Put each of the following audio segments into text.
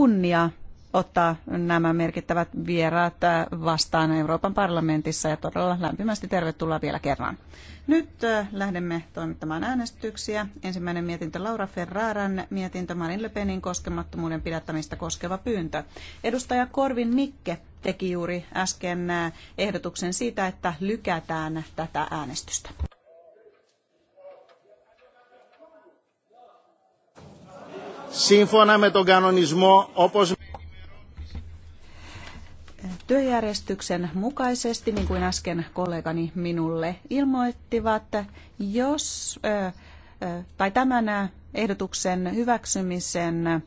kunnia ottaa nämä merkittävät vieraat vastaan Euroopan parlamentissa ja todella lämpimästi tervetuloa vielä kerran. Nyt äh, lähdemme toimittamaan äänestyksiä. Ensimmäinen mietintö Laura Ferraran mietintö Marin Le Penin koskemattomuuden pidättämistä koskeva pyyntö. Edustaja Korvin Mikke teki juuri äsken äh, ehdotuksen siitä, että lykätään tätä äänestystä. σύμφωνα με τον κανονισμό όπως... Työjärjestyksen mukaisesti, niin kuin äsken kollegani minulle ilmoittivat, jos tai tämän ehdotuksen hyväksymisen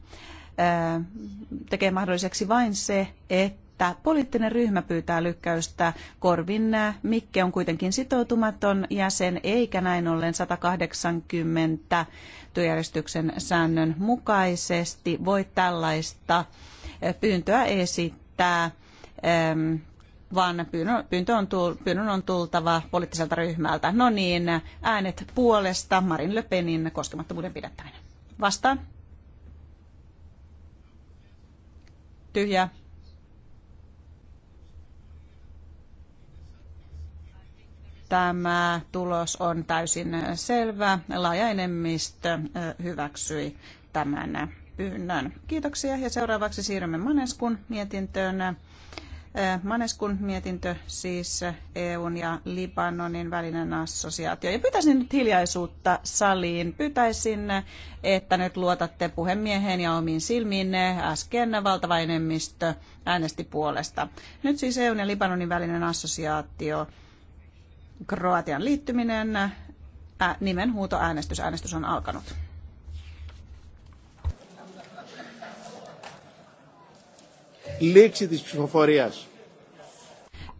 tekee mahdolliseksi vain se, että että poliittinen ryhmä pyytää lykkäystä. Korvin Mikke on kuitenkin sitoutumaton jäsen, eikä näin ollen 180 työjärjestyksen säännön mukaisesti voi tällaista pyyntöä esittää vaan pyyntö on, pyynnön on tultava poliittiselta ryhmältä. No niin, äänet puolesta Marin Löpenin koskemattomuuden pidättäminen. Vastaan. Tyhjä. Tämä tulos on täysin selvä. Laaja enemmistö hyväksyi tämän pyynnön. Kiitoksia ja seuraavaksi siirrymme Maneskun mietintöön. Maneskun mietintö siis EUn ja Libanonin välinen assosiaatio. Ja pyytäisin nyt hiljaisuutta saliin. Pyytäisin, että nyt luotatte puhemieheen ja omiin silmiinne. Äsken valtava enemmistö äänesti puolesta. Nyt siis EUn ja Libanonin välinen assosiaatio Kroatian liittyminen. Ä, nimen huutoäänestys. Äänestys on alkanut.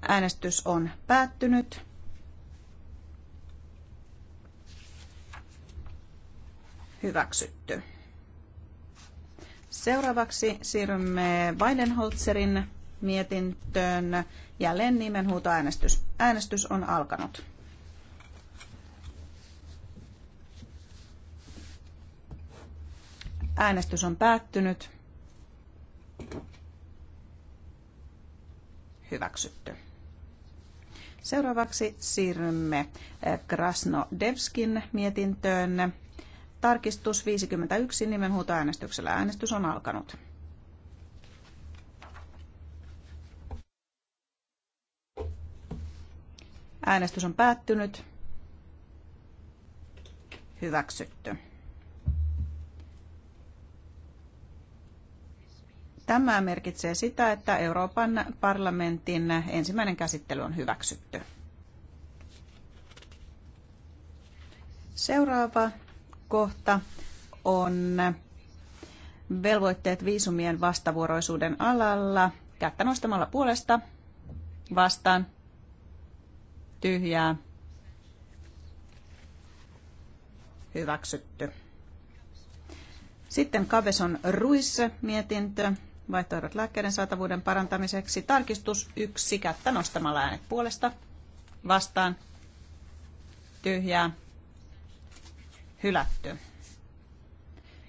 Äänestys on päättynyt. Hyväksytty. Seuraavaksi siirrymme Weidenholzerin mietintöön. Jälleen nimenhuutoäänestys. Äänestys on alkanut. Äänestys on päättynyt. Hyväksytty. Seuraavaksi siirrymme eh, Krasnodevskin mietintöön. Tarkistus 51 nimenhuutoäänestyksellä. Äänestys on alkanut. Äänestys on päättynyt. Hyväksytty. Tämä merkitsee sitä, että Euroopan parlamentin ensimmäinen käsittely on hyväksytty. Seuraava kohta on velvoitteet viisumien vastavuoroisuuden alalla. Kättä nostamalla puolesta vastaan tyhjää, hyväksytty. Sitten Kaveson Ruisse mietintö, vaihtoehdot lääkkeiden saatavuuden parantamiseksi, tarkistus yksi kättä nostamalla äänet puolesta, vastaan, tyhjää, hylätty.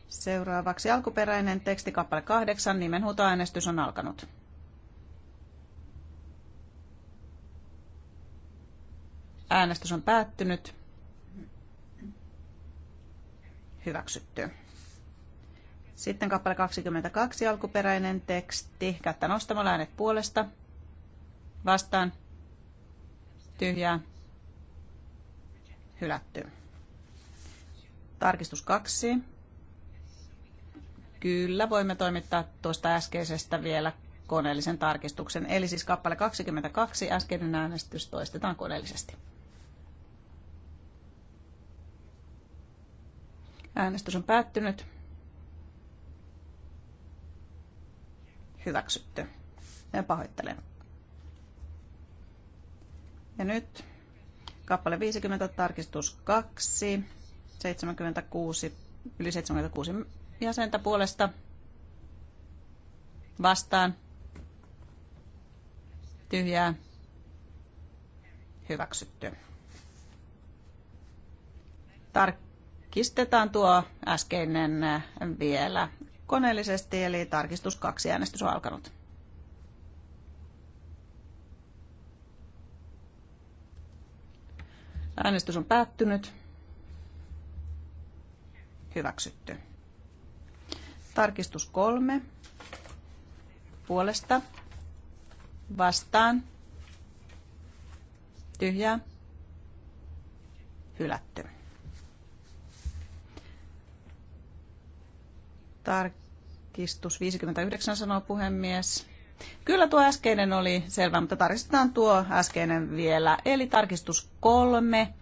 Seuraavaksi alkuperäinen teksti kappale kahdeksan, nimenhuutoäänestys on alkanut. Äänestys on päättynyt. Hyväksytty. Sitten kappale 22, alkuperäinen teksti. Kättä nostamalla äänet puolesta. Vastaan. Tyhjää. Hylätty. Tarkistus 2. Kyllä, voimme toimittaa tuosta äskeisestä vielä koneellisen tarkistuksen. Eli siis kappale 22, äskeinen äänestys toistetaan koneellisesti. Äänestys on päättynyt. Hyväksytty. Ja pahoittelen. Ja nyt kappale 50, tarkistus 2, 76, yli 76 jäsentä puolesta vastaan. Tyhjää. Hyväksytty. Tark tarkistetaan tuo äskeinen vielä koneellisesti, eli tarkistus kaksi äänestys on alkanut. Äänestys on päättynyt. Hyväksytty. Tarkistus kolme. Puolesta. Vastaan. Tyhjää. Hylätty. Tarkistus 59 sanoo puhemies. Kyllä tuo äskeinen oli selvä, mutta tarkistetaan tuo äskeinen vielä. Eli tarkistus kolme.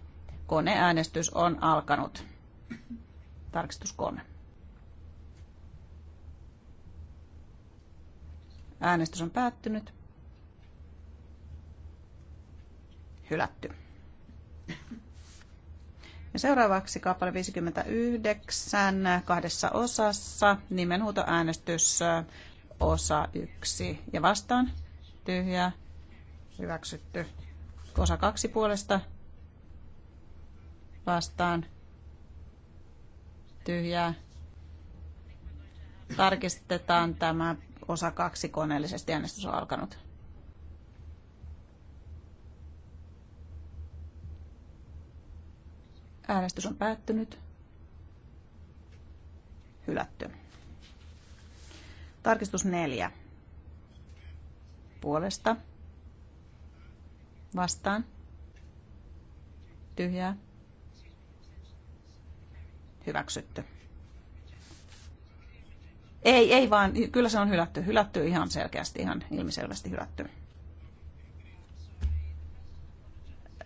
Koneäänestys on alkanut. Tarkistus kolme. Äänestys on päättynyt. Hylätty. Ja seuraavaksi kappale 59 kahdessa osassa, nimenhuutoäänestys osa 1. Ja vastaan tyhjä, hyväksytty. Osa 2 puolesta vastaan tyhjä Tarkistetaan tämä osa kaksi koneellisesti. Äänestys on alkanut. Äänestys on päättynyt. Hylätty. Tarkistus neljä. Puolesta. Vastaan. Tyhjää. Hyväksytty. Ei, ei vaan, kyllä se on hylätty. Hylätty ihan selkeästi, ihan ilmiselvästi hylätty.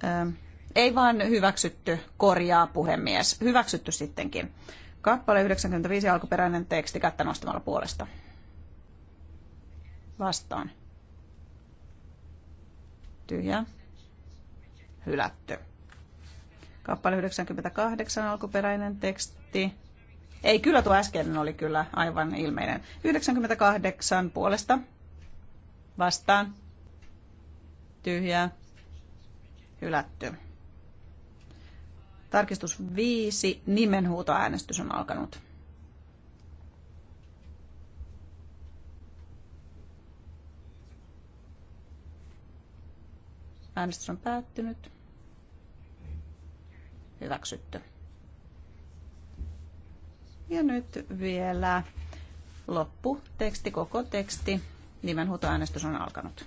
Ähm ei vaan hyväksytty, korjaa puhemies. Hyväksytty sittenkin. Kappale 95 alkuperäinen teksti kättä nostamalla puolesta. Vastaan. Tyhjä. Hylätty. Kappale 98 alkuperäinen teksti. Ei, kyllä tuo äskeinen oli kyllä aivan ilmeinen. 98 puolesta. Vastaan. tyhjä, Hylätty. Tarkistus 5. Nimenhuutoäänestys on alkanut. Äänestys on päättynyt. Hyväksytty. Ja nyt vielä loppu, teksti, koko teksti. Nimenhuutoäänestys on alkanut.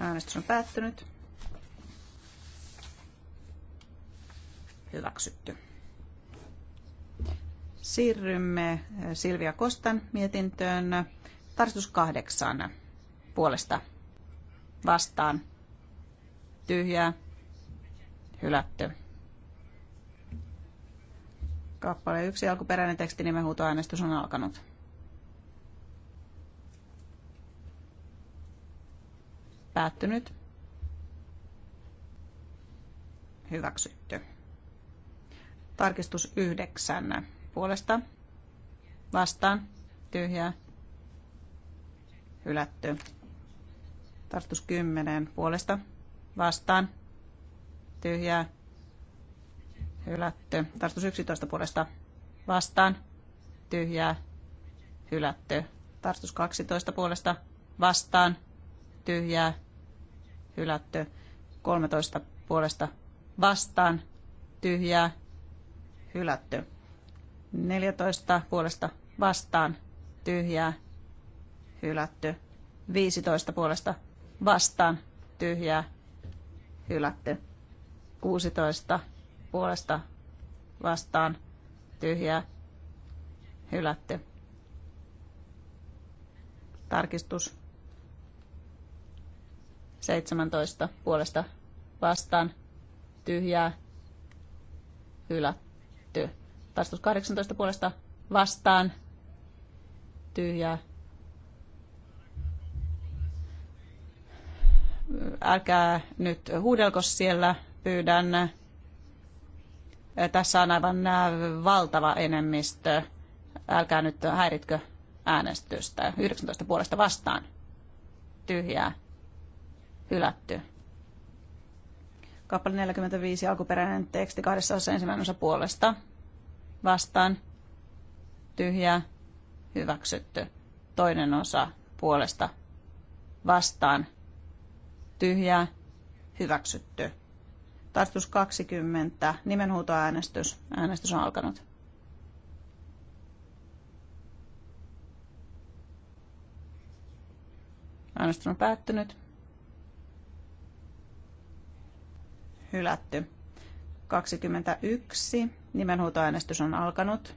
Äänestys on päättynyt. hyväksytty. Siirrymme eh, Silvia Kostan mietintöön. Tarkistus kahdeksan puolesta vastaan. Tyhjää. Hylätty. Kappale yksi alkuperäinen teksti nimen huutoäänestys on alkanut. Päättynyt. Hyväksytty. Tarkistus yhdeksän. Puolesta vastaan tyhjää hylätty. Tarkistus kymmenen. Puolesta vastaan tyhjää hylätty. Tarkistus yksitoista Puolesta vastaan tyhjää hylätty. Tarkistus kaksitoista. Puolesta vastaan tyhjää hylätty. Kolmetoista. Puolesta vastaan tyhjää hylätty. 14 puolesta vastaan tyhjää hylätty. 15 puolesta vastaan tyhjää hylätty. 16 puolesta vastaan tyhjää hylätty. Tarkistus 17 puolesta vastaan tyhjää hylätty hylätty. Taistus 18 puolesta vastaan tyhjää. Älkää nyt huudelko siellä, pyydän. Tässä on aivan äh, valtava enemmistö. Älkää nyt häiritkö äänestystä. 19 puolesta vastaan. Tyhjää. Hylätty. Kappale 45, alkuperäinen teksti, kahdessa osassa ensimmäinen osa puolesta. Vastaan. tyhjä Hyväksytty. Toinen osa puolesta. Vastaan. tyhjä Hyväksytty. Tartus 20. Nimenhuutoäänestys. Äänestys on alkanut. Äänestys on päättynyt. hylätty. 21. Nimenhuutoäänestys on alkanut.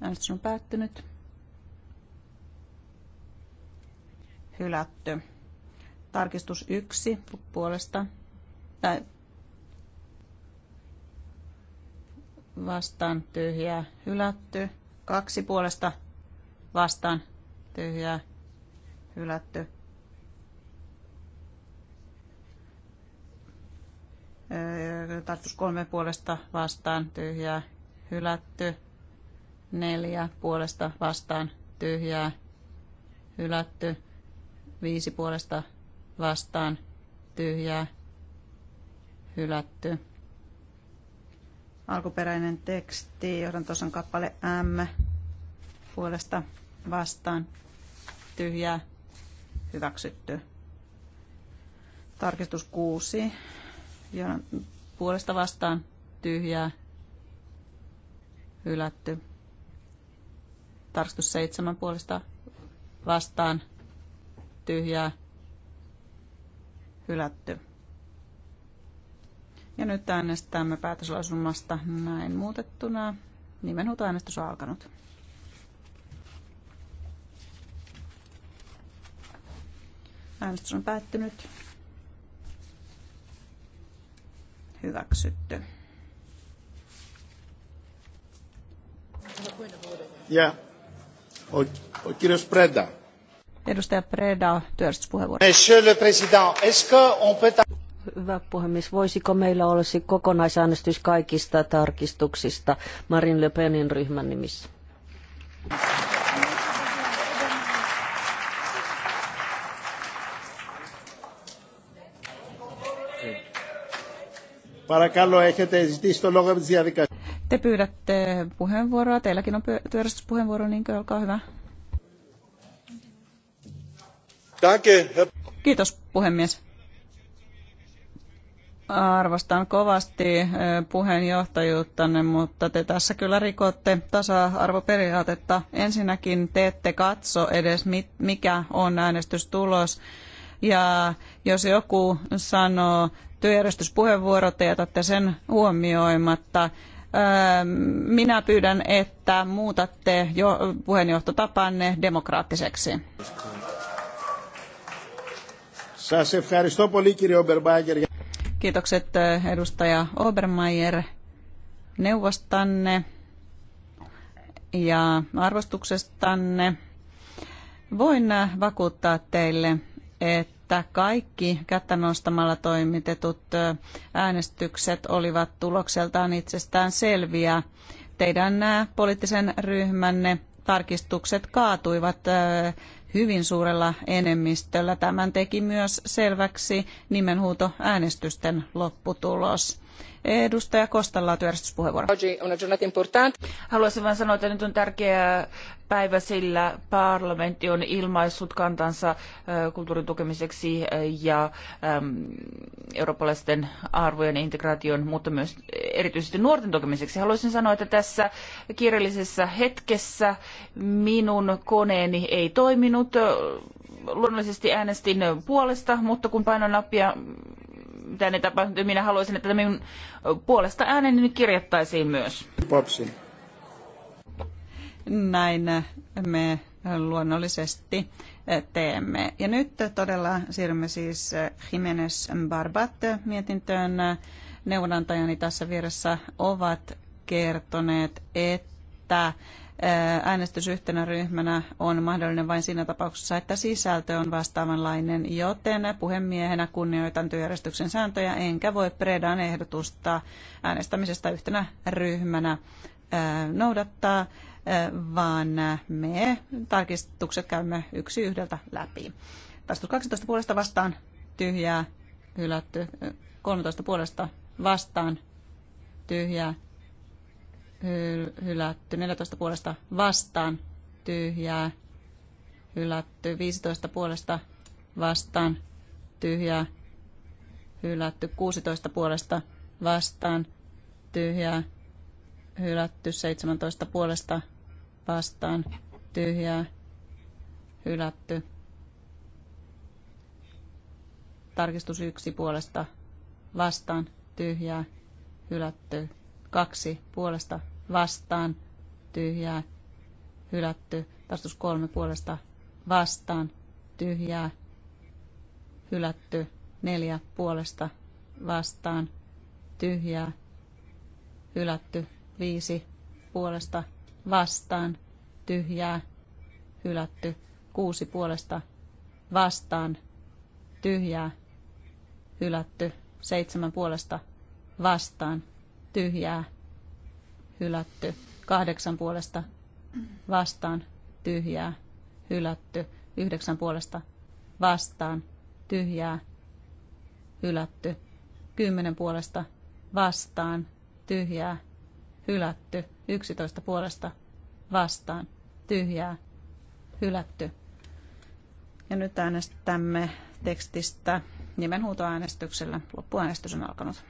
Äänestys on päättynyt. Hylätty. Tarkistus 1 puolesta. Tai vastaan tyhjää. Hylätty. Kaksi puolesta vastaan tyhjää hylätty. Öö, Tartus kolme puolesta vastaan tyhjää hylätty. Neljä puolesta vastaan tyhjää hylätty. Viisi puolesta vastaan tyhjää hylätty. Alkuperäinen teksti, on kappale M puolesta vastaan tyhjää hyväksytty. Tarkistus 6 ja puolesta vastaan tyhjää hylätty. Tarkistus 7 puolesta vastaan tyhjää hylätty. Ja nyt äänestämme päätöslausumasta näin muutettuna. Nimenhuutoäänestys on alkanut. Äänestys on päättynyt. Hyväksytty. Ja o, Preda. Edustaja Preda, työjärjestyspuheenvuoro. Monsieur le Président, est-ce qu'on peut... Hyvä puhemies. Voisiko meillä olla kokonaisäänestys kaikista tarkistuksista Marin Le Penin ryhmän nimissä? Παρακαλώ, έχετε ζητήσει το λόγο από Te pyydätte puheenvuoroa. Teilläkin on työjärjestyspuheenvuoro, niin olkaa hyvä. Danke, Kiitos, puhemies. Arvostan kovasti eh, puheenjohtajuuttanne, mutta te tässä kyllä rikotte tasa-arvoperiaatetta. Ensinnäkin te ette katso edes, mikä on äänestystulos ja jos joku sanoo työjärjestyspuheenvuorot ja jätätte sen huomioimatta, ähm, minä pyydän, että muutatte jo puheenjohtotapanne demokraattiseksi. Kiitokset äh, edustaja Obermeier neuvostanne ja arvostuksestanne. Voin äh, vakuuttaa teille, että kaikki kättä nostamalla toimitetut äänestykset olivat tulokseltaan itsestään selviä. Teidän poliittisen ryhmänne tarkistukset kaatuivat hyvin suurella enemmistöllä. Tämän teki myös selväksi nimenhuuto äänestysten lopputulos. Edustaja Kostalla on työjärjestyspuheenvuoro. Haluaisin vain sanoa, että nyt on tärkeä päivä, sillä parlamentti on ilmaissut kantansa kulttuurin tukemiseksi ja eurooppalaisten arvojen integraation, mutta myös erityisesti nuorten tukemiseksi. Haluaisin sanoa, että tässä kiireellisessä hetkessä minun koneeni ei toiminut. Luonnollisesti äänestin puolesta, mutta kun painoin nappia, mitä ne tapahtunut, minä haluaisin, että minun puolesta ääneni kirjattaisiin myös. Popsi. Näin me luonnollisesti teemme. Ja nyt todella siirrymme siis Jimenez Barbat mietintöön neuvonantajani tässä vieressä ovat kertoneet, että äänestys yhtenä ryhmänä on mahdollinen vain siinä tapauksessa, että sisältö on vastaavanlainen, joten puhemiehenä kunnioitan työjärjestyksen sääntöjä, enkä voi Predan ehdotusta äänestämisestä yhtenä ryhmänä noudattaa, vaan me tarkistukset käymme yksi yhdeltä läpi. Tarkistus 12 puolesta vastaan tyhjää, hylätty 13 puolesta vastaan tyhjää hylätty. 14 puolesta vastaan tyhjää hylätty. 15 puolesta vastaan tyhjää hylätty. 16 puolesta vastaan tyhjää hylätty. 17 puolesta vastaan tyhjää hylätty. Tarkistus yksi puolesta vastaan tyhjää, hylätty. Kaksi puolesta vastaan, tyhjää, hylätty. Vastus kolme puolesta vastaan, tyhjää, hylätty. Neljä puolesta vastaan, tyhjää, hylätty. Viisi puolesta vastaan, tyhjää, hylätty. Kuusi puolesta vastaan, tyhjää, hylätty. Seitsemän puolesta vastaan tyhjää hylätty. Kahdeksan puolesta vastaan tyhjää hylätty. Yhdeksän puolesta vastaan tyhjää hylätty. Kymmenen puolesta vastaan tyhjää hylätty. Yksitoista puolesta vastaan tyhjää hylätty. Ja nyt äänestämme tekstistä nimenhuutoäänestyksellä. Loppuäänestys on alkanut.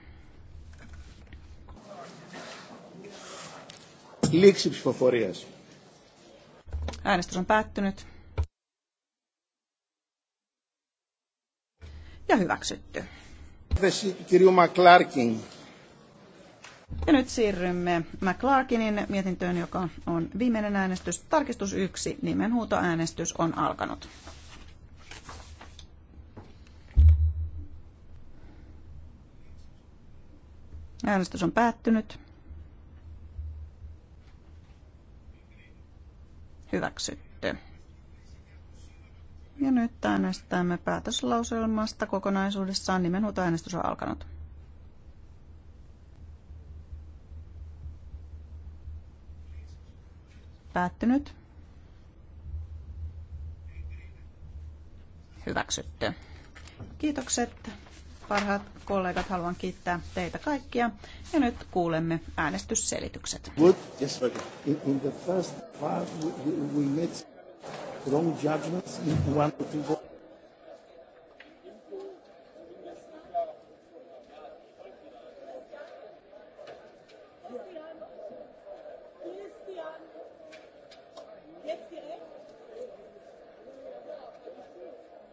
Λήξη ψηφοφορίας. Äänestys on päättynyt. Ja hyväksytty. Kirju McClarkin. Ja nyt siirrymme McClarkinin mietintöön, joka on viimeinen äänestys. Tarkistus 1, nimenhuutoäänestys on alkanut. Äänestys on päättynyt. Hyväksytty. Ja nyt äänestämme päätöslauselmasta kokonaisuudessaan. Nimenhuutoäänestys on alkanut. Päättynyt. Hyväksytty. Kiitokset Parhaat kollegat, haluan kiittää teitä kaikkia ja nyt kuulemme äänestysselitykset. yes, in, in the first part we, we made wrong judgments in one or two